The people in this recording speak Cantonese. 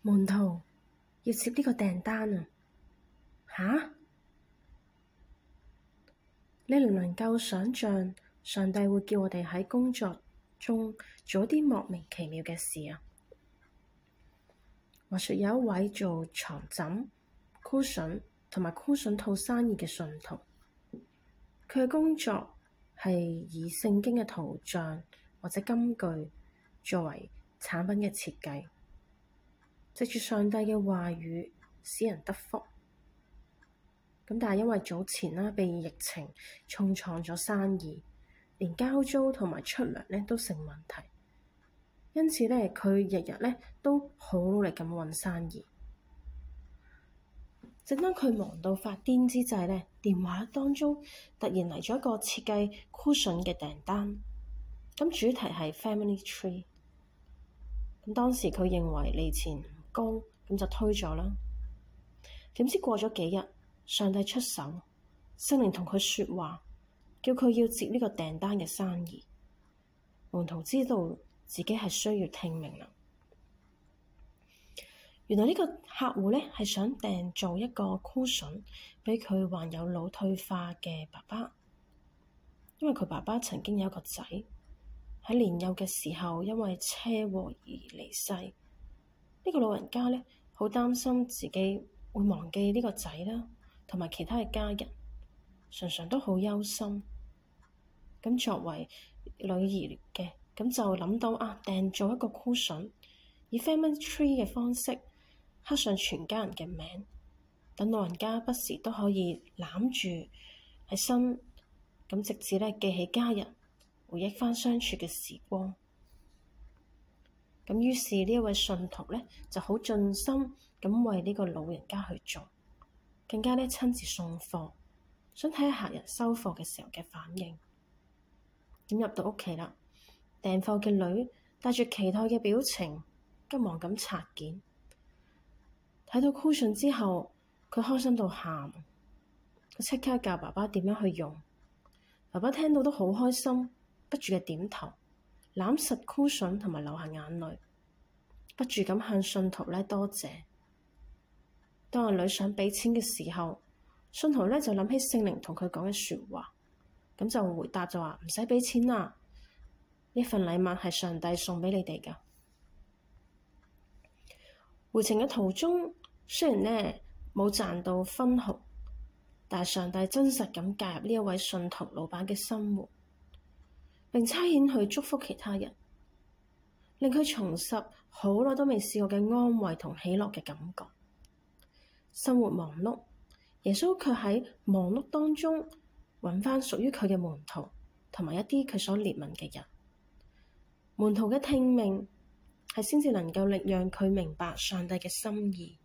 門徒，要接呢個訂單啊！吓、啊？你能唔能夠想像上帝會叫我哋喺工作中做啲莫名其妙嘅事啊？話說有一位做床枕、cushion 同埋 cushion 套生意嘅信徒，佢嘅工作係以聖經嘅圖像或者金句作為產品嘅設計。藉住上帝嘅話語，使人得福。咁但係因為早前啦，被疫情重創咗生意，連交租同埋出糧咧都成問題。因此咧，佢日日咧都好努力咁搵生意。正當佢忙到發癲之際咧，電話當中突然嚟咗一個設計 cushion 嘅訂單。咁主題係 Family tree。咁當時佢認為利錢。咁就推咗啦。點知過咗幾日，上帝出手，聖靈同佢說話，叫佢要接呢個訂單嘅生意。門徒知道自己係需要聽命啦。原來呢個客戶呢係想訂做一個箍 o o 俾佢患有腦退化嘅爸爸，因為佢爸爸曾經有一個仔喺年幼嘅時候，因為車禍而離世。呢個老人家呢，好擔心自己會忘記呢個仔啦，同埋其他嘅家人，常常都好憂心。咁作為女兒嘅，咁就諗到啊，訂做一個咕 𠱸，以 Family Tree 嘅方式刻上全家人嘅名，等老人家不時都可以攬住喺身，咁直至呢記起家人，回憶返相處嘅時光。咁於是呢位信徒呢就好盡心咁為呢個老人家去做，更加呢親自送貨，想睇下客人收貨嘅時候嘅反應。點入到屋企啦，訂貨嘅女帶住期待嘅表情，急忙咁拆件，睇到 Cushion 之後，佢開心到喊，佢即刻教爸爸點樣去用，爸爸聽到都好開心，不住嘅點頭，攬實 Cushion 同埋流下眼淚。不住咁向信徒咧多謝。當阿女想畀錢嘅時候，信徒咧就諗起聖靈同佢講嘅説話，咁就回答就話唔使畀錢啦，呢份禮物係上帝送畀你哋噶。回程嘅途中，雖然咧冇賺到分毫，但係上帝真實咁介入呢一位信徒老闆嘅生活，並差遣去祝福其他人。令佢重拾好耐都未試過嘅安慰同喜樂嘅感覺。生活忙碌，耶穌卻喺忙碌當中揾返屬於佢嘅門徒，同埋一啲佢所憐憫嘅人。門徒嘅聽命係先至能夠令讓佢明白上帝嘅心意。